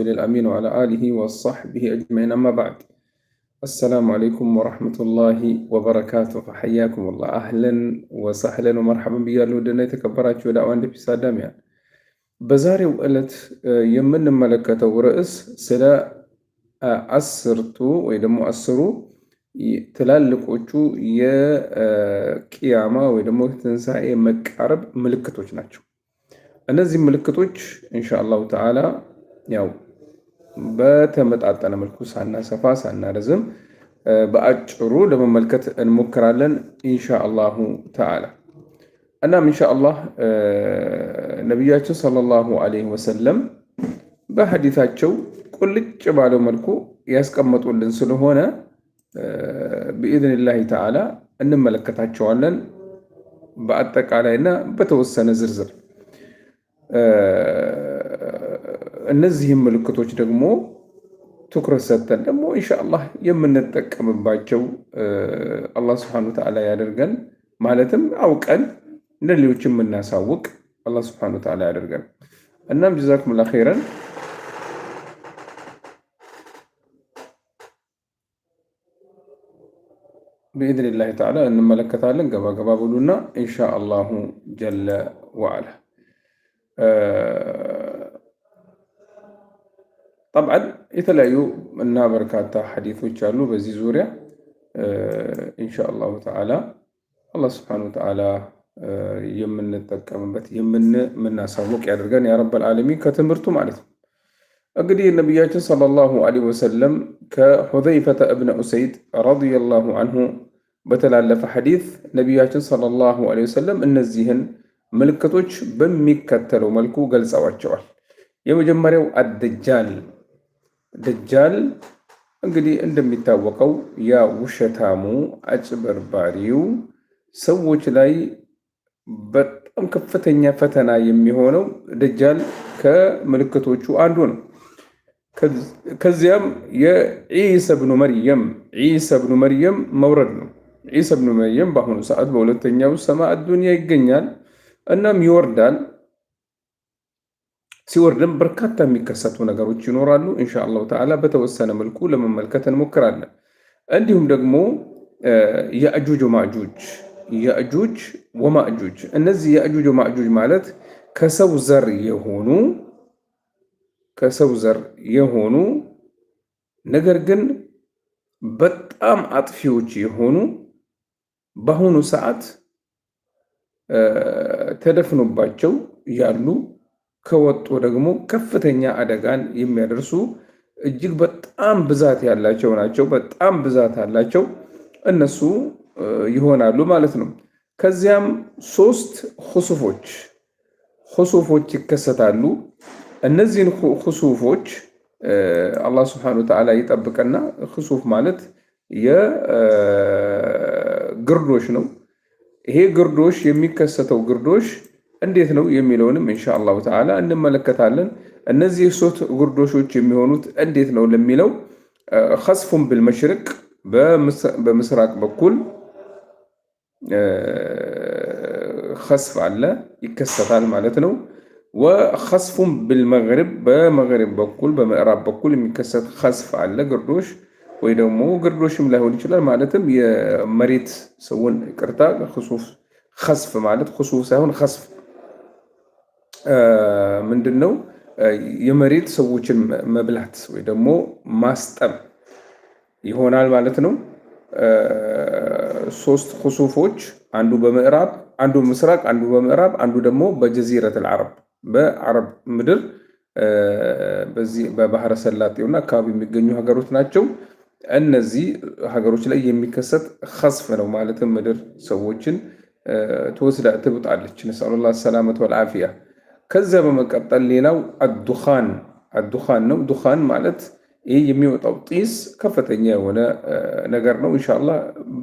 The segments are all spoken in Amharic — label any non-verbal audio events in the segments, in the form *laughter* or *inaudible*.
الأمين وعلى آله وصحبه أجمعين أما بعد السلام عليكم ورحمة الله وبركاته فحياكم الله أهلا وسهلا ومرحبا بيا لودنا የተከበራችሁ ዳዋን ደፊ ሳዳም ያን በዛሬው ዕለት የምንመለከተው ርዕስ ስለ አስርቱ ወይ ደግሞ አስሩ ትላልቆቹ የቅያማ ወይ ደግሞ ትንሣኤ መቃረብ ምልክቶች ናቸው። እነዚህ ምልክቶች ኢንሻ አላሁ ተዓላ ያው በተመጣጠነ መልኩ ሳናሰፋ ሳናረዝም በአጭሩ ለመመልከት እንሞክራለን ኢንሻአላሁ ተዓላ። እናም ኢንሻአላህ ነቢያችን ሰለላሁ አለይሂ ወሰለም በሐዲታቸው ቁልጭ ባለው መልኩ ያስቀመጡልን ስለሆነ ብኢዝኒላሂ ተዓላ እንመለከታቸዋለን በአጠቃላይና በተወሰነ ዝርዝር እነዚህም ምልክቶች ደግሞ ትኩረት ሰጥተን ደግሞ ኢንሻአላህ የምንጠቀምባቸው አላህ ስብሐነሁ ወተዓላ ያደርገን። ማለትም አውቀን ለሌሎች የምናሳውቅ አላህ ስብሐነሁ ወተዓላ ያደርገን። እናም ጀዛኩሙላህ ኸይረን። ብኢዝኒላህ ተዓላ እንመለከታለን። ገባ ገባ ብሉና ኢንሻአላሁ ጀለ ወዓላ ጠብዓን የተለያዩ እና በርካታ ሐዲቶች አሉ በዚህ ዙሪያ ኢንሻአላሁ ተዓላ አላህ ስብሐነሁ ወተዓላ የምንጠቀምበት የምናሳውቅ ያደርገን ያ ረበል ዓለሚን። ከትምህርቱ ማለት ነው እንግዲህ ነቢያችን ሰለላሁ ዐለይሂ ወሰለም ከሑዘይፈተ እብነ ኡሰይድ ረዲየላሁ አንሁ በተላለፈ ሐዲት ነቢያችን ሰለላሁ ዐለይሂ ወሰለም እነዚህን ምልክቶች በሚከተለው መልኩ ገልጸዋቸዋል። የመጀመሪያው አደጃል ደጃል እንግዲህ እንደሚታወቀው ያ ውሸታሙ አጭበርባሪው ሰዎች ላይ በጣም ከፍተኛ ፈተና የሚሆነው ደጃል ከምልክቶቹ አንዱ ነው። ከዚያም የዒሳ ብኑ መርየም ዒሳ ብኑ መርየም መውረድ ነው። ዒሳ ብኑ መርየም በአሁኑ ሰዓት በሁለተኛው ሰማ አዱንያ ይገኛል። እናም ይወርዳል። ሲወርድም በርካታ የሚከሰቱ ነገሮች ይኖራሉ። እንሻ አላሁ ተዓላ በተወሰነ መልኩ ለመመልከት እንሞክራለን። እንዲሁም ደግሞ የአጁጅ ወማእጁጅ የአጁጅ ወማእጁጅ እነዚህ የአጁጅ ወማእጁጅ ማለት ከሰው ዘር የሆኑ ከሰው ዘር የሆኑ ነገር ግን በጣም አጥፊዎች የሆኑ በአሁኑ ሰዓት ተደፍኖባቸው ያሉ ከወጡ ደግሞ ከፍተኛ አደጋን የሚያደርሱ እጅግ በጣም ብዛት ያላቸው ናቸው። በጣም ብዛት አላቸው እነሱ ይሆናሉ ማለት ነው። ከዚያም ሶስት ሁሱፎች ሁሱፎች ይከሰታሉ። እነዚህን ሁሱፎች አላህ ስብሐነ ወተዓላ ይጠብቀና። ሁሱፍ ማለት የግርዶሽ ነው። ይሄ ግርዶሽ የሚከሰተው ግርዶሽ እንዴት ነው የሚለውንም እንሻ አላሁ ተዓላ እንመለከታለን። እነዚህ ሶስት ጉርዶሾች የሚሆኑት እንዴት ነው ለሚለው ከስፉን ብልመሽርቅ በምስራቅ በኩል ከስፍ አለ ይከሰታል ማለት ነው። ወከስፉን ብልመግሪብ በመግሪብ በኩል በምዕራብ በኩል የሚከሰት ከስፍ አለ ግርዶሽ ወይ ደግሞ ግርዶሽም ላይሆን ይችላል። ማለትም የመሬት ሰውን ቅርታ ከስፍ ማለት ከሱፍ ሳይሆን ከስፍ ምንድን ነው የመሬት ሰዎችን መብላት ወይ ደግሞ ማስጠም ይሆናል ማለት ነው። ሶስት ክሱፎች አንዱ በምዕራብ አንዱ ምስራቅ አንዱ በምዕራብ አንዱ ደግሞ በጀዚረት አልዓረብ በአረብ ምድር በዚህ በባህረ ሰላጤውና አካባቢ የሚገኙ ሀገሮች ናቸው። እነዚህ ሀገሮች ላይ የሚከሰት ከስፍ ነው ማለትም ምድር ሰዎችን ትወስዳ ትብጣለች። ነስአሉላህ ሰላመት ወልዓፊያ ከዚያ በመቀጠል ሌላው አዱኻን አዱኻን ነው። ዱኻን ማለት ይህ የሚወጣው ጢስ ከፍተኛ የሆነ ነገር ነው። እንሻላ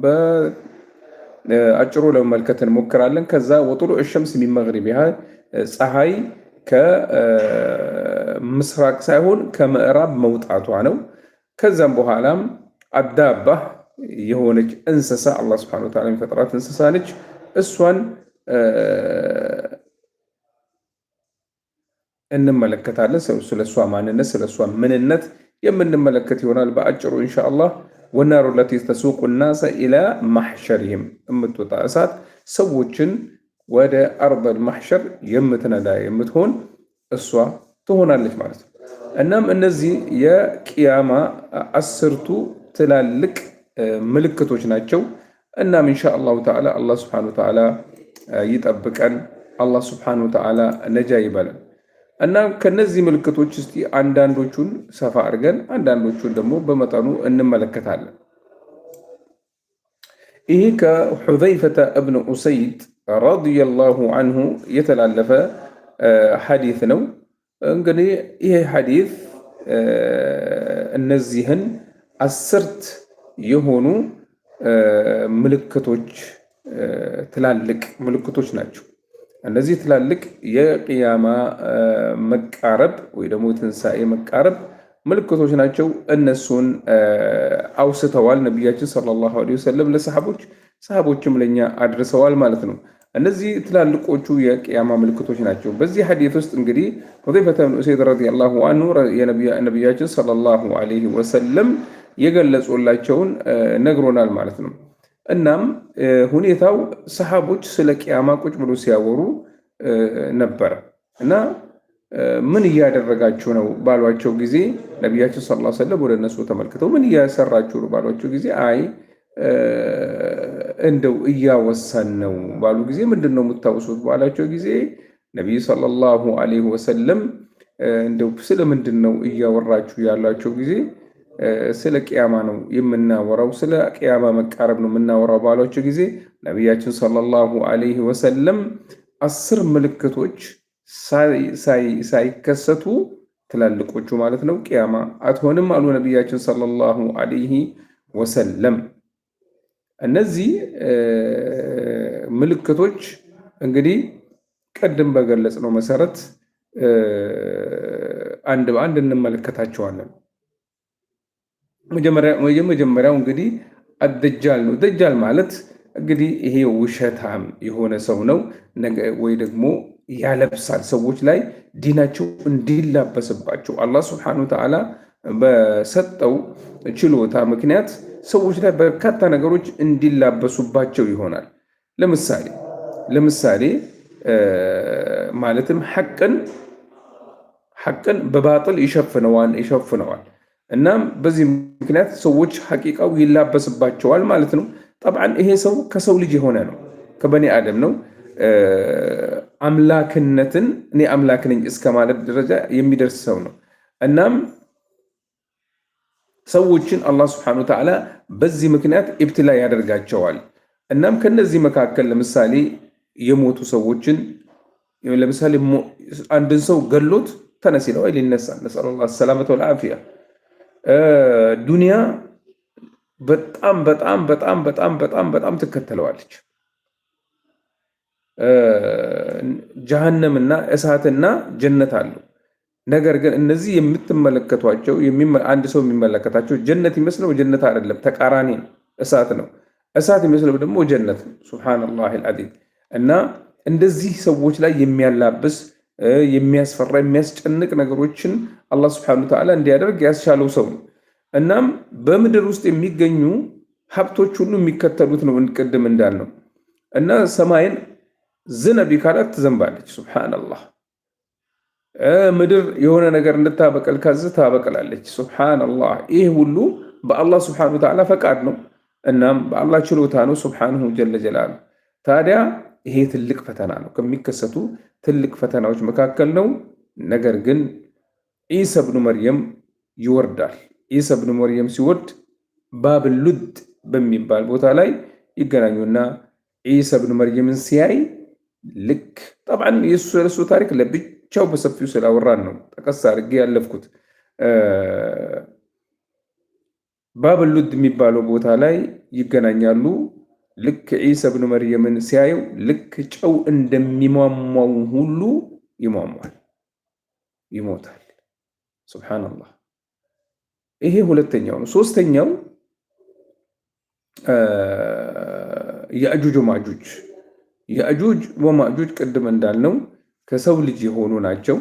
በአጭሩ ለመመልከት እንሞክራለን። ከዛ ወጡሉዕ ሸምስ ሚን መግሪቢሃ ፀሐይ ከምስራቅ ሳይሆን ከምዕራብ መውጣቷ ነው። ከዚም በኋላም አዳባ የሆነች እንስሳ አላህ ሱብሓነሁ ወተዓላ የሚፈጥራት እንስሳ ነች። እሷን እንመለከታለን። ስለሷ ማንነት፣ ስለሷ ምንነት የምንመለከት ይሆናል በአጭሩ ኢንሻአላህ። ወናሩ ለቲ ተሱቁ ናሰ ኢላ ማሕሸርህም የምትወጣ እሳት ሰዎችን ወደ አርበል ማሕሸር የምትነዳ የምትሆን እሷ ትሆናለች ማለት ነው። እናም እነዚህ የቅያማ አስርቱ ትላልቅ ምልክቶች ናቸው። እናም እንሻ አላሁ ተዓላ አላህ ስብሓነሁ ወተዓላ ይጠብቀን። አላህ ስብሓነሁ ተዓላ ነጃ ይበለን። እና ከነዚህ ምልክቶች እስቲ አንዳንዶቹን ሰፋ አድርገን አንዳንዶቹን ደግሞ በመጠኑ እንመለከታለን። ይህ ከሑዘይፈተ እብን ኡሰይድ ረዲየላሁ አንሁ የተላለፈ ሐዲት ነው። እንግዲህ ይሄ ሐዲት እነዚህን አስርት የሆኑ ምልክቶች ትላልቅ ምልክቶች ናቸው። እነዚህ ትላልቅ የቅያማ መቃረብ ወይ ደግሞ የትንሣኤ መቃረብ ምልክቶች ናቸው። እነሱን አውስተዋል ነቢያችን ሰለላሁ ዐለይሂ ወሰለም ለሰሃቦች፣ ሰሃቦችም ለእኛ አድርሰዋል ማለት ነው። እነዚህ ትላልቆቹ የቅያማ ምልክቶች ናቸው። በዚህ ሐዲት ውስጥ እንግዲህ ሁዘይፈተ ብን ኡሰይድ ረዲየላሁ አንሁ ነቢያችን ሰለላሁ ዐለይሂ ወሰለም የገለጹላቸውን ነግሮናል ማለት ነው። እናም ሁኔታው ሰሃቦች ስለ ቅያማ ቁጭ ብሎ ሲያወሩ ነበረ እና ምን እያደረጋችሁ ነው ባሏቸው ጊዜ ነቢያቸው ሰለላሁ ሰለም ወደ እነሱ ተመልክተው ምን እያሰራችሁ ነው ባሏቸው ጊዜ አይ እንደው እያወሳን ነው ባሉ ጊዜ ምንድን ነው የምታወሱት ባላቸው ጊዜ ነቢዩ ሰለላሁ ዐለይሂ ወሰለም እንደው ስለምንድን ነው እያወራችሁ ያላቸው ጊዜ ስለ ቅያማ ነው የምናወራው፣ ስለ ቅያማ መቃረብ ነው የምናወራው ባሏቸው ጊዜ ነቢያችን ሰለላሁ አለይህ ወሰለም አስር ምልክቶች ሳይከሰቱ ትላልቆቹ ማለት ነው ቅያማ አትሆንም አሉ ነቢያችን ሰለላሁ አለይህ ወሰለም። እነዚህ ምልክቶች እንግዲህ ቅድም በገለጽ ነው መሰረት አንድ በአንድ እንመለከታቸዋለን። መጀመሪያው እንግዲህ አደጃል ነው። ደጃል ማለት እንግዲህ ይሄ ውሸታም የሆነ ሰው ነው ወይ ደግሞ ያለብሳል ሰዎች ላይ ዲናቸው እንዲላበስባቸው አላህ ስብሐነሁ ወተዓላ በሰጠው ችሎታ ምክንያት ሰዎች ላይ በርካታ ነገሮች እንዲላበሱባቸው ይሆናል። ለምሳሌ ለምሳሌ ማለትም ሐቅን ሐቅን በባጥል ይሸፍነዋል ይሸፍነዋል እናም በዚህ ምክንያት ሰዎች ሐቂቃው ይላበስባቸዋል ማለት ነው። ጠብዓን ይሄ ሰው ከሰው ልጅ የሆነ ነው፣ ከበኒ አደም ነው። አምላክነትን እኔ አምላክ ነኝ እስከ ማለት ደረጃ የሚደርስ ሰው ነው። እናም ሰዎችን አላህ ስብሐነ ወተዓላ በዚህ ምክንያት ኢብትላ ያደርጋቸዋል። እናም ከነዚህ መካከል ለምሳሌ የሞቱ ሰዎችን ለምሳሌ አንድን ሰው ገሎት ተነስ ይለው አይል ይነሳ ነስአሉላህ ሰላመተ ወልዓፊያ ዱንያ በጣም በጣም በጣም በጣም በጣም በጣም ትከተለዋለች። ጀሃነምና እሳትና ጀነት አሉ። ነገር ግን እነዚህ የምትመለከቷቸው አንድ ሰው የሚመለከታቸው ጀነት ይመስለው ጀነት አይደለም፣ ተቃራኒ እሳት ነው። እሳት ይመስለው ደግሞ ጀነት ነው። ሱብሃነላህ አዚም እና እንደዚህ ሰዎች ላይ የሚያላብስ የሚያስፈራ የሚያስጨንቅ ነገሮችን አላህ ስብሐነሁ ወተዓላ እንዲያደርግ ያስቻለው ሰው ነው። እናም በምድር ውስጥ የሚገኙ ሀብቶች ሁሉ የሚከተሉት ነው ቅድም እንዳልነው እና ሰማይን ዝነቢ ካላት ትዘንባለች። ሱብሓነላህ። ምድር የሆነ ነገር እንድታበቀል ካዝ ታበቀላለች። ሱብሓነላህ። ይህ ሁሉ በአላህ ስብሐነሁ ወተዓላ ፈቃድ ነው። እናም በአላህ ችሎታ ነው። ሱብሓነሁ ጀለ ጀላሉ ታዲያ ይሄ ትልቅ ፈተና ነው። ከሚከሰቱ ትልቅ ፈተናዎች መካከል ነው። ነገር ግን ዒሳ ብኑ መርየም ይወርዳል። ዒሳ ብኑ መርየም ሲወርድ ባብሉድ በሚባል ቦታ ላይ ይገናኙና ዒሳ ብኑ መርየምን ሲያይ ልክ ጠብዓን የእሱ ታሪክ ለብቻው በሰፊው ስላወራን ነው ጠቀስ አድርጌ ያለፍኩት። ባብሉድ የሚባለው ቦታ ላይ ይገናኛሉ። ልክ ዒሳ ብኑ መርየምን ሲያየው ልክ ጨው እንደሚሟሟው ሁሉ ይሟሟል፣ ይሞታል። ሱብሓነላህ። ይሄ ሁለተኛው ነው። ሶስተኛው የአጁጅ ማጁጅ የአጁጅ ወማጁጅ ቅድም እንዳልነው ከሰው ልጅ የሆኑ ናቸው፣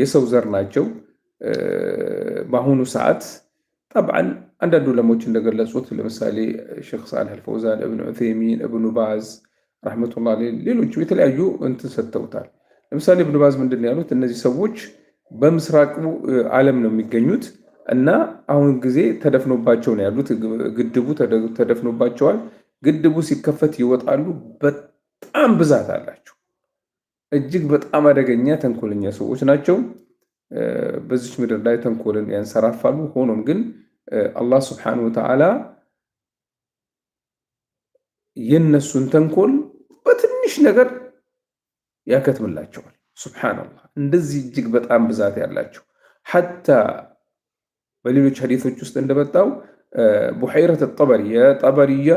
የሰው ዘር ናቸው። በአሁኑ ሰዓት ጠብዓን አንዳንድ ለሞች እንደገለጹት ለምሳሌ ሼክ ሳልህ አልፈውዛን፣ እብን ዑቴሚን፣ እብኑ ባዝ ረሕመቱላህ ሌሎቹ የተለያዩ እንትን ሰጥተውታል። ለምሳሌ እብኑ ባዝ ምንድን ያሉት? እነዚህ ሰዎች በምስራቁ ዓለም ነው የሚገኙት እና አሁን ጊዜ ተደፍኖባቸው ነው ያሉት። ግድቡ ተደፍኖባቸዋል። ግድቡ ሲከፈት ይወጣሉ። በጣም ብዛት አላቸው። እጅግ በጣም አደገኛ ተንኮለኛ ሰዎች ናቸው። በዚች ምድር ላይ ተንኮልን ያንሰራፋሉ። ሆኖም ግን አላህ ስብሓነሁ ወተዓላ የነሱን ተንኮል በትንሽ ነገር ያከትምላቸዋል። ሱብሓነላህ እንደዚህ እጅግ በጣም ብዛት ያላቸው ሐታ በሌሎች ሐዲቶች ውስጥ እንደመጣው ቡሐይረት ጠበሪ የጠበሪያ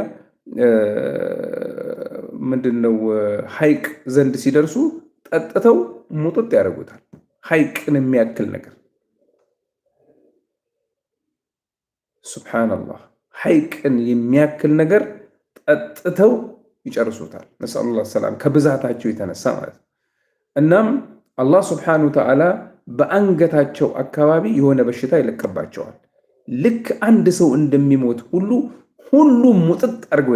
ምንድነው ነው ሐይቅ ዘንድ ሲደርሱ ጠጥተው ሙጥጥ ያደርጉታል። ሐይቅን የሚያክል ነገር ሱብሓነላህ ሐይቅን የሚያክል ነገር ጠጥተው ይጨርሱታል። ነስአሉላህ ሰላም ከብዛታቸው የተነሳ ማለት ነው። እናም አላህ ሱብሓነሁ ወተዓላ በአንገታቸው አካባቢ የሆነ በሽታ ይለቀባቸዋል። ልክ አንድ ሰው እንደሚሞት ሁሉ ሁሉም ሙጥጥ አድርገው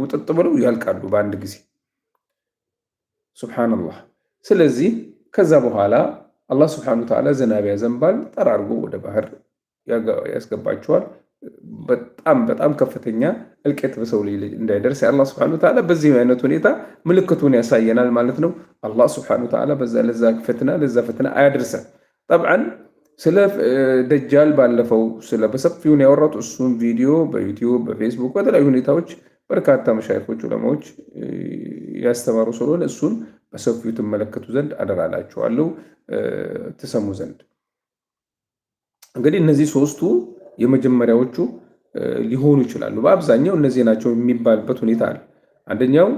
ሙጥጥ ብለው ያልቃሉ በአንድ ጊዜ። ሱብሓነላህ። ስለዚህ ከዛ በኋላ አላህ ሱብሓነሁ ወተዓላ ዝናብ ያዘንባል፣ ጠራርጎ ወደ ባህር ያስገባቸዋል። በጣም በጣም ከፍተኛ እልቂት በሰው ልጅ እንዳይደርስ አላህ ስብሐነሁ ወተዓላ በዚህ አይነት ሁኔታ ምልክቱን ያሳየናል ማለት ነው። አላህ ስብሐነሁ ወተዓላ በዛ ለዛ ፍትና ለዛ ፍትና አያደርሰን። ጠብዓን ስለ ደጃል ባለፈው ስለ በሰፊውን ያወራቱ እሱን ቪዲዮ በዩቲዩብ በፌስቡክ በተለያዩ ሁኔታዎች በርካታ መሻይኮች ዑለማዎች ያስተማሩ ስለሆነ እሱን በሰፊው ትመለከቱ ዘንድ አደራላችኋለሁ ትሰሙ ዘንድ እንግዲህ እነዚህ ሶስቱ የመጀመሪያዎቹ ሊሆኑ ይችላሉ። በአብዛኛው እነዚህ ናቸው የሚባልበት ሁኔታ አለ። አንደኛው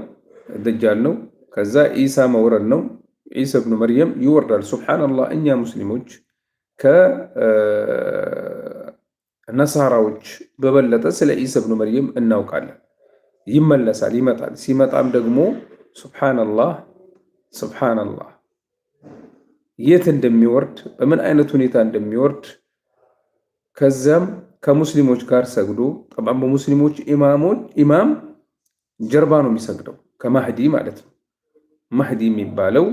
ደጃል ነው። ከዛ ኢሳ መውረድ ነው። ኢሳ ብኑ መርየም ይወርዳል። ሱብሓነላህ እኛ ሙስሊሞች ከነሳራዎች በበለጠ ስለ ኢሳ ብኑ መርየም እናውቃለን። ይመለሳል፣ ይመጣል። ሲመጣም ደግሞ ሱብሓነላህ ሱብሓነላህ የት እንደሚወርድ በምን አይነት ሁኔታ እንደሚወርድ ከዚያም ከሙስሊሞች ጋር ሰግዶ ጠብዓም በሙስሊሞች ኢማም ጀርባ ነው የሚሰግደው ከማህዲ ማለት ነው። ማህዲ የሚባለው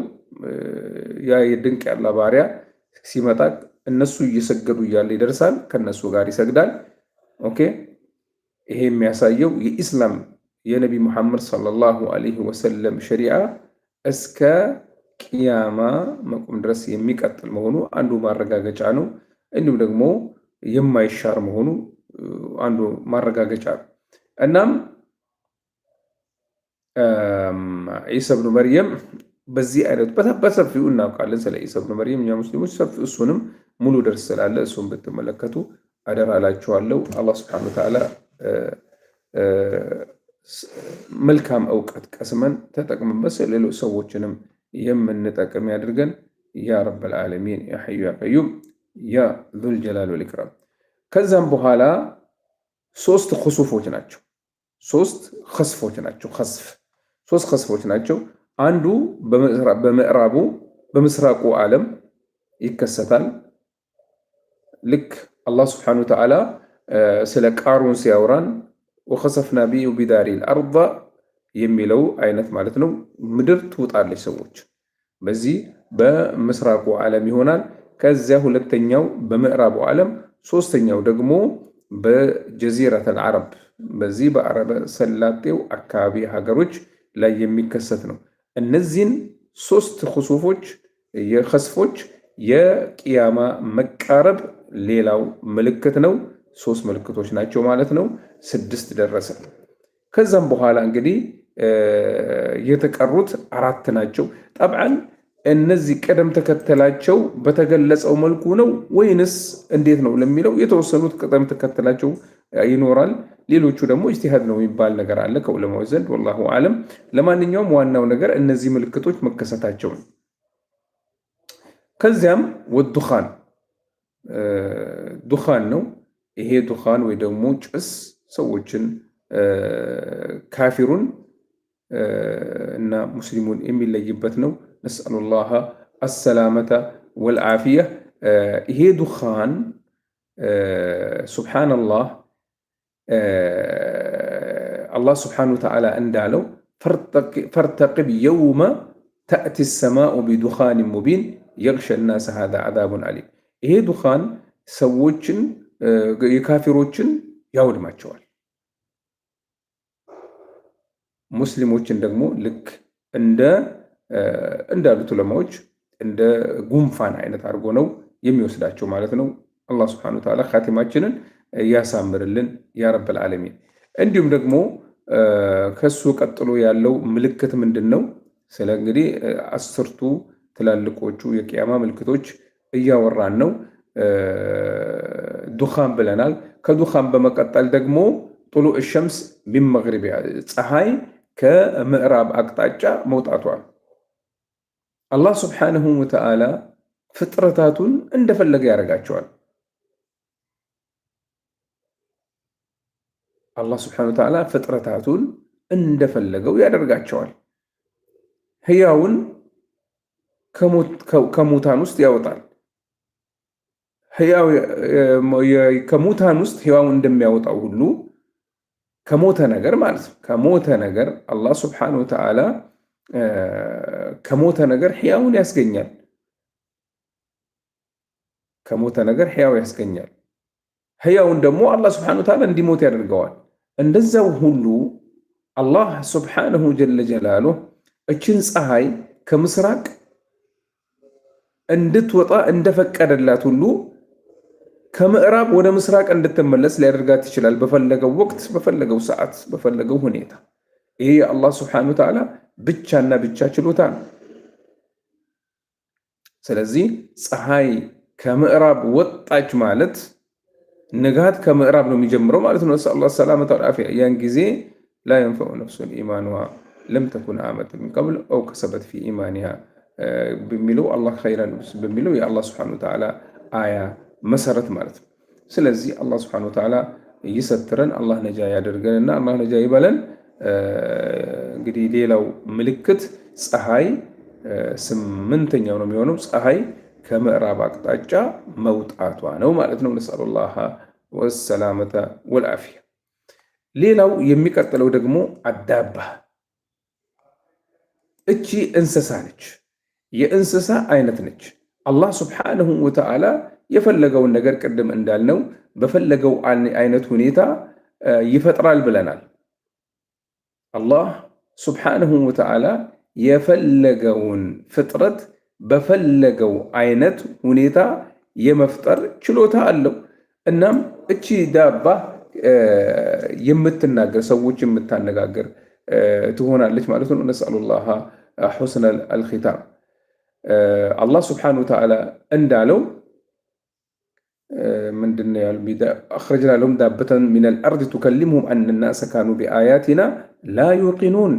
ያ የድንቅ ያላ ባሪያ ሲመጣ እነሱ እየሰገዱ እያለ ይደርሳል፣ ከነሱ ጋር ይሰግዳል። ኦኬ ይሄ የሚያሳየው የኢስላም የነቢ ሙሐመድ ሰለላሁ አለይህ ወሰለም ሸሪዓ እስከ ቅያማ መቆም ድረስ የሚቀጥል መሆኑ አንዱ ማረጋገጫ ነው። እንዲሁም ደግሞ የማይሻር መሆኑ አንዱ ማረጋገጫ ነው። እናም ዒሳ ብኑ መርየም በዚህ አይነቱ በሰፊው እናውቃለን። ስለ ዒሳ ብኑ መርየም እኛ ሙስሊሞች ሰፊ እሱንም ሙሉ ደርስ ስላለ እሱን ብትመለከቱ አደራ እላችኋለሁ። አላህ ስብሐነ ወተዓላ መልካም እውቀት ቀስመን ተጠቅምበት ሌሎች ሰዎችንም የምንጠቅም ያድርገን። ያ ረብ ልዓለሚን ያ ሐዩ ያ ቀዩም ያ ዙል ጀላል ወል ኢክራም። ከዛም በኋላ ሶስት ክሱፎች ናቸው። ሶስት ከስፎች ናቸው። ከስፍ ሶስት ከስፎች ናቸው። አንዱ በምዕራቡ በምስራቁ ዓለም ይከሰታል። ልክ አላህ ስብሓነሁ ወተዓላ ስለ ቃሩን ሲያወራን ወከሰፍና ቢሂ ወቢዳሪሂል አርዳ የሚለው አይነት ማለት ነው። ምድር ትውጣለች። ሰዎች በዚህ በምስራቁ ዓለም ይሆናል። ከዚያ ሁለተኛው በምዕራቡ ዓለም፣ ሶስተኛው ደግሞ በጀዚረተል አረብ በዚህ በአረበ ሰላጤው አካባቢ ሀገሮች ላይ የሚከሰት ነው። እነዚህን ሶስት ክሱፎች የከስፎች የቅያማ መቃረብ ሌላው ምልክት ነው። ሶስት ምልክቶች ናቸው ማለት ነው። ስድስት ደረሰ። ከዛም በኋላ እንግዲህ የተቀሩት አራት ናቸው። ጠብዓን እነዚህ ቅደም ተከተላቸው በተገለጸው መልኩ ነው ወይንስ እንዴት ነው ለሚለው የተወሰኑት ቅደም ተከተላቸው ይኖራል። ሌሎቹ ደግሞ ኢጅቲሃድ ነው የሚባል ነገር አለ ከዑለማዎች ዘንድ ወላሁ አለም። ለማንኛውም ዋናው ነገር እነዚህ ምልክቶች መከሰታቸው ነው። ከዚያም ወዱኻን ዱኻን ነው። ይሄ ዱኻን ወይ ደግሞ ጭስ ሰዎችን ካፊሩን እና ሙስሊሙን የሚለይበት ነው። نسأل الله السلامة والعافية آه، هي دخان آه، سبحان الله آه، الله سبحانه وتعالى أنداله فارتقب, فارتقب يوم تأتي السماء بدخان مبين يغشى الناس هذا عذاب عليم ይሄ ዱኻን ሰዎችን ما تشوال ሙስሊሞችን دقمو لك عند እንዳሉት ለማዎች እንደ ጉንፋን አይነት አድርጎ ነው የሚወስዳቸው ማለት ነው። አላህ ስብሐነ ወተዓላ ካቲማችንን ያሳምርልን ያ ዓለሚን። እንዲሁም ደግሞ ከሱ ቀጥሎ ያለው ምልክት ምንድን ነው? ስለ እንግዲህ አስርቱ ትላልቆቹ የቅያማ ምልክቶች እያወራን ነው። ዱኻን ብለናል። ከዱኻን በመቀጠል ደግሞ ጡሉ ሸምስ ቢን መግሪቢያ ፀሐይ ከምዕራብ አቅጣጫ መውጣቷል። አላህ ስብሓንሁ ወተዓላ ፍጥረታቱን እንደፈለገ ያደርጋቸዋል። አላህ ስብሓነ ወተዓላ ፍጥረታቱን እንደፈለገው ያደርጋቸዋል። ህያውን ከሙታን ውስጥ ያወጣል። ከሙታን ውስጥ ህያው እንደሚያወጣው ሁሉ ከሞተ ነገር ማለት ነው። ከሞተ ነገር አላህ ስብሓነ ወተዓላ ከሞተ ነገር ሕያውን ያስገኛል። ከሞተ ነገር ሕያው ያስገኛል። ሕያውን ደግሞ አላህ ስብሓነሁ ወተዓላ እንዲሞት ያደርገዋል። እንደዛው ሁሉ አላህ ስብሓነሁ ጀለ ጀላሉህ እችን ፀሐይ ከምስራቅ እንድትወጣ እንደፈቀደላት ሁሉ ከምዕራብ ወደ ምስራቅ እንድትመለስ ሊያደርጋት ይችላል። በፈለገው ወቅት፣ በፈለገው ሰዓት፣ በፈለገው ሁኔታ ይሄ የአላህ ስብሓነሁ ወተዓላ ብቻና ብቻ ችሎታ ነው። ስለዚህ ፀሐይ ከምዕራብ ወጣች ማለት ንጋት ከምዕራብ ነው የሚጀምረው ማለት ነው። ነስአሉላህ ሰላመተ ወልዓፊያ። ያን ጊዜ ላ የንፈዑ ነፍሱን ኢማኑሃ ለም ተኩን አመት ምን ቀብል ኦው ከሰበት ፊ ኢማኒሃ በሚለው አላህ ኸይረን በሚለው የአላህ ስብሐነሁ ወተዓላ አያ መሰረት ማለት ነው። ስለዚህ አላህ ስብሐነሁ ወተዓላ ይሰትረን፣ አላህ ነጃ ያደርገን ያደርገንና አላህ ነጃ ይበለን። እንግዲህ ሌላው ምልክት ፀሐይ ስምንተኛው ነው የሚሆነው ፀሐይ ከምዕራብ አቅጣጫ መውጣቷ ነው ማለት ነው። ነስአሉላህ ወሰላመተ ወልአፊያ። ሌላው የሚቀጥለው ደግሞ አዳባ እቺ እንስሳ ነች። የእንስሳ አይነት ነች። አላህ ስብሓንሁ ወተዓላ የፈለገውን ነገር ቅድም እንዳልነው በፈለገው አይነት ሁኔታ ይፈጥራል ብለናል አላህ ሱብሓነሁ ወተዓላ የፈለገውን ፍጥረት በፈለገው አይነት ሁኔታ የመፍጠር ችሎታ አለው። እናም እቺ ዳባ የምትናገር ሰዎች የምታነጋግር ትሆናለች ማለት ነው። ነስአሉላህ ሑስነ አልኺታም። አላህ ስብሓነሁ ወተዓላ እንዳለው ምንድን ነው ያሉ አኽረጅና ለሁም ዳበተን ሚነል አርድ ቱከሊሙሁም አነ ናሰ ካኑ ቢአያቲና ላ ዩቂኑን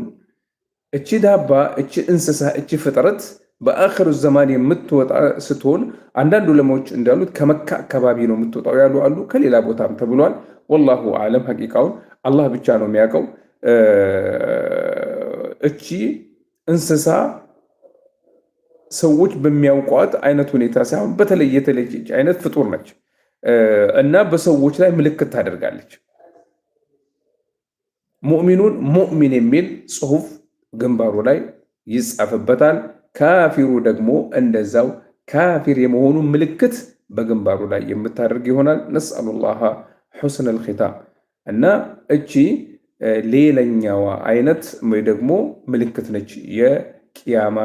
እቺ ዳባ እቺ እንስሳ እቺ ፍጥረት በአኸሩ ዘማን የምትወጣ ስትሆን አንዳንድ ዑለማዎች እንዳሉት ከመካ አካባቢ ነው የምትወጣው ያሉ አሉ። ከሌላ ቦታም ተብሏል። ወላሁ አለም ሐቂቃውን አላህ ብቻ ነው የሚያውቀው። እቺ እንስሳ ሰዎች በሚያውቋት አይነት ሁኔታ ሳይሆን በተለይ የተለየች አይነት ፍጡር ነች እና በሰዎች ላይ ምልክት ታደርጋለች። ሙእሚኑን ሙእሚን የሚል ጽሁፍ ግንባሩ ላይ ይጻፍበታል። ካፊሩ ደግሞ እንደዛው ካፊር የመሆኑ ምልክት በግንባሩ ላይ የምታደርግ ይሆናል። ነስአሉላህ ሑስን ኺታም እና እቺ ሌላኛዋ አይነት ወይ ደግሞ ምልክት ነች። የቅያማ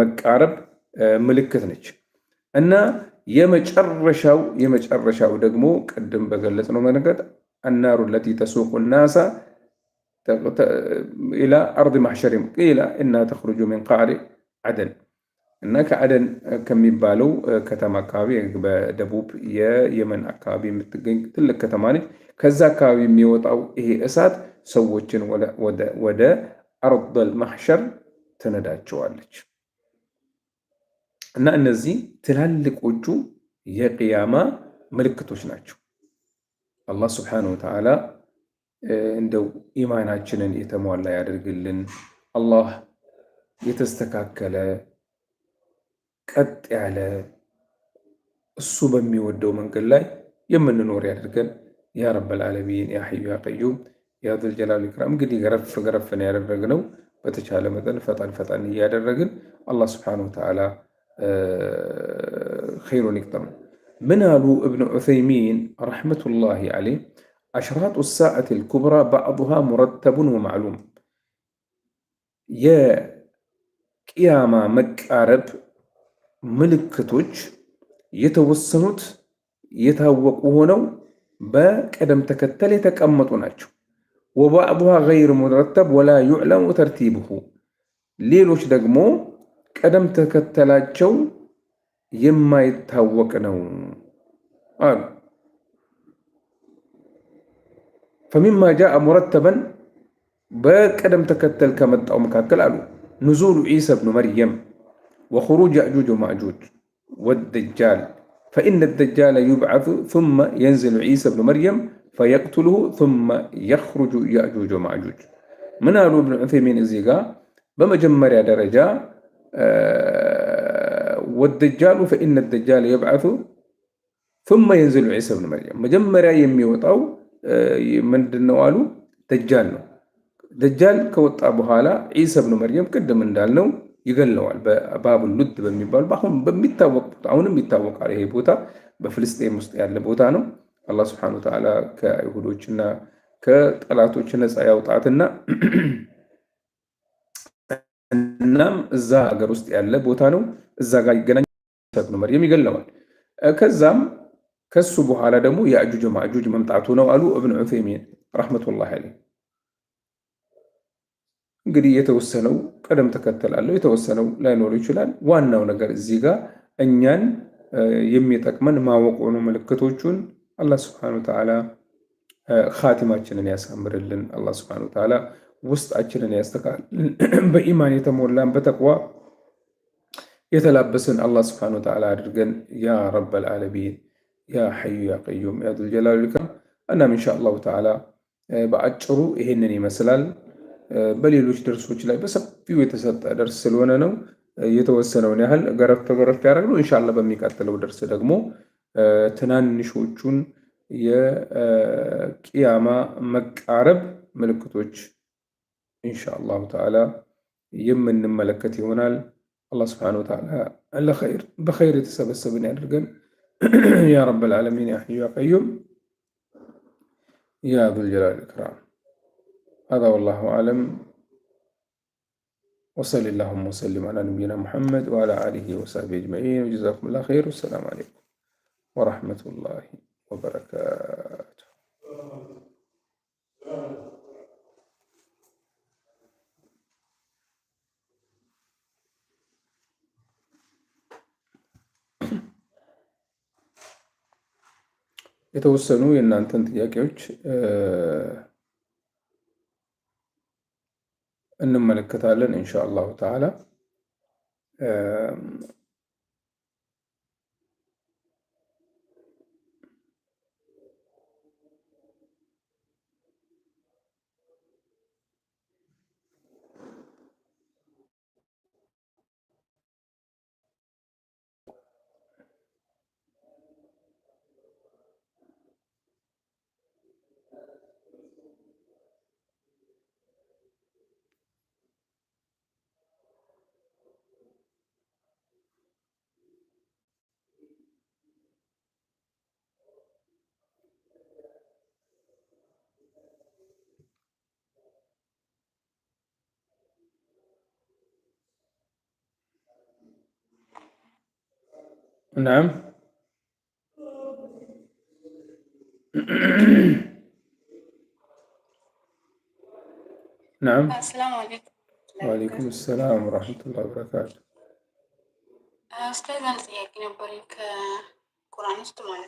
መቃረብ ምልክት ነች እና የመጨረሻው የመጨረሻው ደግሞ ቅድም በገለጽ ነው መንገድ አናሩ ለቲ ተሱቁ ናሳ إلى أرض ማሕሸሪም ቂላ እና ተኽርጁ ሚን ቃዕሪ አደን እና ከአደን ከሚባለው ከተማ አካባቢ በደቡብ የየመን አካባቢ የምትገኝ ትልቅ ከተማ ነች። ከዛ አካባቢ የሚወጣው ይሄ እሳት ሰዎችን ወደ አርደል ማሕሸር ትነዳቸዋለች። እና እነዚህ ትላልቆቹ የቅያማ ምልክቶች ናቸው። አላህ ስብሓነሁ ወተዓላ እንደው ኢማናችንን የተሟላ ያደርግልን። አላህ የተስተካከለ ቀጥ ያለ እሱ በሚወደው መንገድ ላይ የምንኖር ያደርገን። ያ ረበል ዓለሚን ያ ሐዩ ያ ቀዩም ያ ዘል ጀላል ኢክራም። እንግዲህ ገረፍ ገረፍ ነው ያደረግነው። በተቻለ መጠን ፈጣን ፈጣን እያደረግን አላህ ስብሓነሁ ወተዓላ ኸይሩን ይቅጠም። ምን አሉ እብኑ ዑሰይሚን ረሕመቱላሂ ዓለይህ አሽራጡ ሰዓት ልኩብራ ባዕዱሃ ሙረተቡን ወማዕሉም የቅያማ መቃረብ ምልክቶች የተወሰኑት የታወቁ ሆነው በቅደም ተከተል የተቀመጡ ናቸው። ወባዕዱሃ ገይር ሙረተብ ወላ ዩዕለሙ ተርቲብሁ። ሌሎች ደግሞ ቅደም ተከተላቸው የማይታወቅ ነው አሉ። ፈሚማ ጃአ ሙረተበን በቅደም ተከተል ከመጣው መካከል አሉ ንዙሉ ዒሳ ብኑ መርየም ወኹሩጅ ያእጁጅ ወማእጁጅ ወደጃል ፈኢነ ደጃለ ዩብዓቱ ثመ የንዝሉ ዒሳ ብኑ መርየም ፈየቅትሉሁ ثመ የኽሩጁ ያእጁጅ ወማእጁጅ ምን አሉ እብኑ ዑሰይሚን እዚህ ጋር በመጀመሪያ ደረጃ ወደጃሉ ፈኢነ ደጃለ ዩብዓቱ ثመ የንዝሉ ዒሳ ብኑ መርየም መጀመሪያ የሚወጣው ምንድን ነው አሉ ደጃል ነው። ደጃል ከወጣ በኋላ ዒሳ ብኑ መርየም ቅድም እንዳልነው ይገለዋል። በባብ ሉድ በሚባሉ አሁን በሚታወቅ ቦታ አሁንም ይታወቃል። ይሄ ቦታ በፍልስጤም ውስጥ ያለ ቦታ ነው። አላህ ስብሐነሁ ወተዓላ ከአይሁዶችና ከጠላቶች ነፃ ያውጣትና እናም እዛ ሀገር ውስጥ ያለ ቦታ ነው። እዛ ጋር ይገናኝ ብኑ መርየም ይገለዋል። ከዛም ከሱ በኋላ ደግሞ የአጁጅ ማእጁጅ መምጣቱ ነው አሉ እብን ዑቴሚን ረሕመቱላህ አለይህ። እንግዲህ የተወሰነው ቅደም ተከተል አለው፣ የተወሰነው ላይኖር ይችላል። ዋናው ነገር እዚህ ጋር እኛን የሚጠቅመን ማወቅ ሆኖ ምልክቶቹን አላህ ስብሐነሁ ወተዓላ ካቲማችንን ያሳምርልን። አላህ ስብሐነሁ ወተዓላ ውስጣችንን ያስተካክልን። በኢማን የተሞላን በተቅዋ የተላበስን አላህ ስብሐነሁ ወተዓላ አድርገን ያ ረብ ዓለሚን ያ ሐዩ ያ ቀዩም ያ ዙልጀላል ወልኢክራም። እናም ኢንሻአላሁ ተዓላ በአጭሩ ይሄንን ይመስላል። በሌሎች ደርሶች ላይ በሰፊው የተሰጠ ደርስ ስለሆነ ነው የተወሰነውን ያህል ገረፍ ገረፍ ያደረግነው። ኢንሻላ በሚቀጥለው ደርስ ደግሞ ትናንሾቹን የቂያማ መቃረብ ምልክቶች ኢንሻአላሁ ተዓላ የምንመለከት ይሆናል። አላህ ስብሐነሁ ወተዓላ በኸይር የተሰበሰብን ያደርገን። يا رب العالمين يا حي يا قيوم يا ذو الجلال والإكرام هذا والله أعلم وصل اللهم وسلم على نبينا محمد وعلى آله وصحبه أجمعين وجزاكم الله خير والسلام عليكم ورحمة الله وبركاته የተወሰኑ የእናንተን ጥያቄዎች እንመለከታለን ኢንሻ አላሁ ተዓላ። نعم *clears throat* نعم السلام عليكم وعليكم السلام ورحمة الله وبركاته آه، أستاذ أنا سيئك نبريك قرآن استمع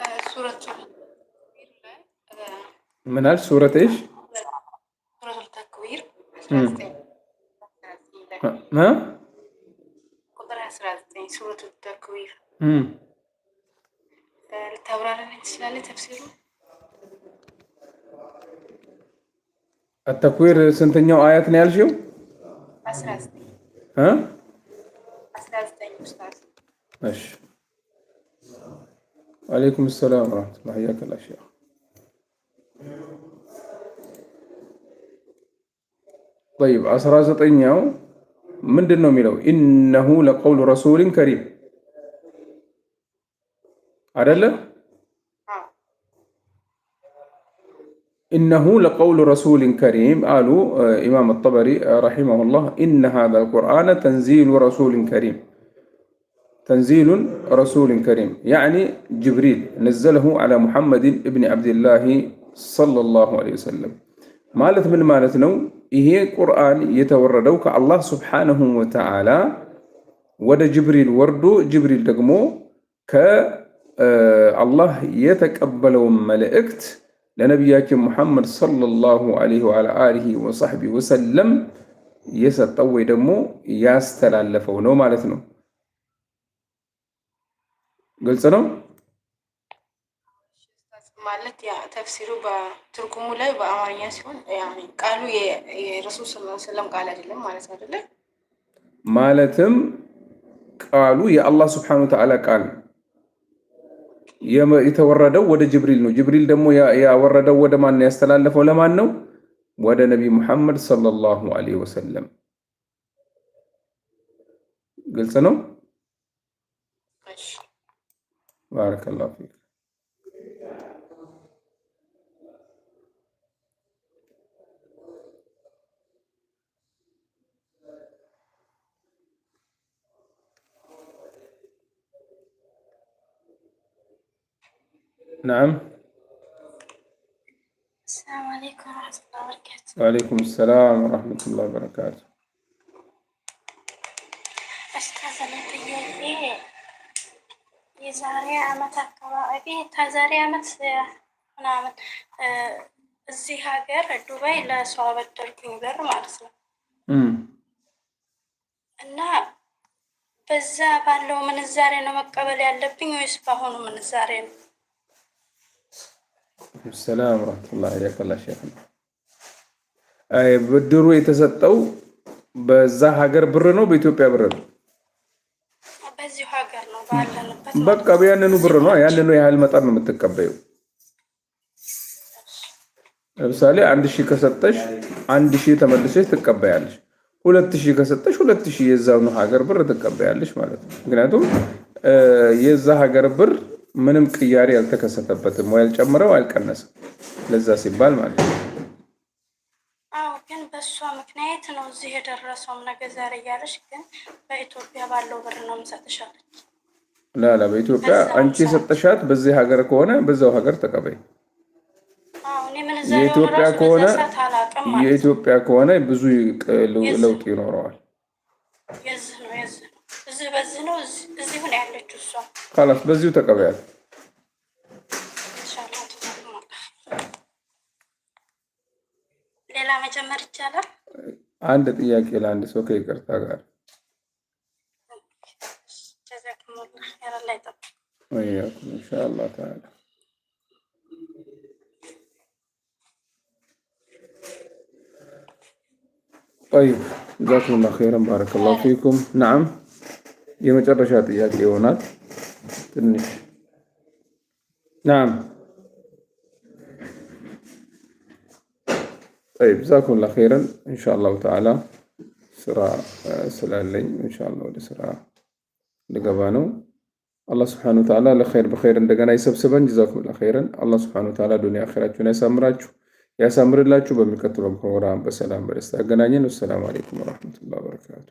آه، سورة آه، من هل سورة إيش؟ سورة التكوير ቁጥር አስራ ዘጠኝ ሱረቱ ተክዊር ልታብራራልኝ ትችላለህ? ተፍሲሩ አተክዊር ስንተኛው አያት ነው ያልሽው? አስራ ዘጠኝ አስራ ዘጠኝ ኡስታዝ። እሺ ወአለይኩም ሰላም ወራህመቱላሂ ያከላ ሼህ طيب 19 ያው ምንድን ነው የሚለው? ኢነሁ ለቀውሉ ረሱልን ከሪም አደለ? ኢነሁ ለቀውሉ ረሱልን ከሪም አሉ ኢማም አጠበሪ ረሒመሁላህ። ኢነ ሃዛ ልቁርአነ ተንዚሉ ረሱልን ከሪም ተንዚሉ ረሱልን ከሪም ያዕኒ ጅብሪል ነዘለሁ ዓላ ሙሐመድን እብኒ ዓብድላሂ ሰለላሁ ዓለይሂ ወሰለም ማለት ምን ማለት ነው? ይሄ ቁርአን የተወረደው ከአላህ ስብሓነሁ ወተዓላ ወደ ጅብሪል ወርዶ ጅብሪል ደግሞ ከአላህ የተቀበለውን መልእክት ለነቢያችን ሙሐመድ ሰለላሁ ዐለይሂ ወአሊሂ ወሰሕቢ ወሰለም የሰጠው ወይ ደግሞ ያስተላለፈው ነው ማለት ነው። ግልጽ ነው። ተፍሲሩ በትርጉሙ ላይ በአማርኛ ሲሆን ቃሉ የረሱል ስለም ቃል አይደለም ማለት አይደለ? ማለትም ቃሉ የአላህ ስብሐነ ወተዓላ ቃል የተወረደው ወደ ጅብሪል ነው። ጅብሪል ደግሞ ያወረደው ወደ ማን ነው? ያስተላለፈው ለማን ነው? ወደ ነቢ ሙሐመድ ሰለላሁ ዐለይሂ ወሰለም። ግልጽ ነው። ባረከላሁ ፊክ ነዓም። ወአለይኩም ሰላም ወረሕመቱላሂ በረካቱ። የዛሬ ዓመት አካባቢ ከዛሬ ዓመት ምናምን እዚህ ሀገር ዱባይ ለሰው አበደርኩኝ ብር ማለት ነው እና በዛ ባለው ምንዛሬ ነው መቀበል ያለብኝ ወይስ በአሁኑ ምንዛሬ ነው? አለይኩም ሰላም ወራህመቱላሂ ያከላ ሸይኽ ብድሩ የተሰጠው በዛ ሀገር ብር ነው በኢትዮጵያ ብር ነው? በቃ ያንኑ ብር ነው። ያንኑ ያህል መጠን ነው የምትቀበዩ። ለምሳሌ አንድ ሺህ ከሰጠሽ አንድ ሺህ ተመልሰሽ ትቀበያለሽ። ሁለት ሺህ ከሰጠሽ ሁለት ሺህ የዛኑ ሀገር ብር ትቀበያለሽ ማለት ነው። ምክንያቱም የዛ ሀገር ብር ምንም ቅያሬ አልተከሰተበትም ወይ አልጨምረው አልቀነስም። ለዛ ሲባል ማለት ነው። አዎ፣ በእሷ ምክንያት ነው እዚህ የደረሰውም ነገ ዛሬ እያለች፣ ግን በኢትዮጵያ ባለው ብር ነው የምሰጥሻለች። ላላ በኢትዮጵያ አንቺ የሰጠሻት በዚህ ሀገር ከሆነ በዛው ሀገር ተቀበይ። የኢትዮጵያ ከሆነ የኢትዮጵያ ከሆነ ብዙ ለውጥ ይኖረዋል። በዚህ በዚህ ነው እዚህ ሆነ ያለችው እሷ ላስ በዚሁ ተቀበያል። ሌላ መጨመር ይቻላል። አንድ ጥያቄ ለአንድ ሰው ከይቅርታ ጋር ኢንሻአላህ ተዓላ طيب جزاكم الله خيرا بارك الله فيكم نعم የመጨረሻ ጥያቄ ይሆናል። ትንሽ ናም ጠይብ ዛኩላ ኸይረን እንሻአላሁ ተዓላ ስራ ስላለኝ እንሻላ ወደ ስራ ልገባ ነው። አላ ስብሓን ወተዓላ ለኸይር በኸይር እንደገና ይሰብስበን። ጀዛኩሙላ ኸይረን። አላ ስብሓን ወተዓላ ዱኒያ አኺራችሁን ያሳምራችሁ ያሳምርላችሁ። በሚቀጥለው ፕሮግራም በሰላም በደስታ ያገናኘን። ወሰላሙ አለይኩም ወረሕመቱላሂ ወበረካቱ።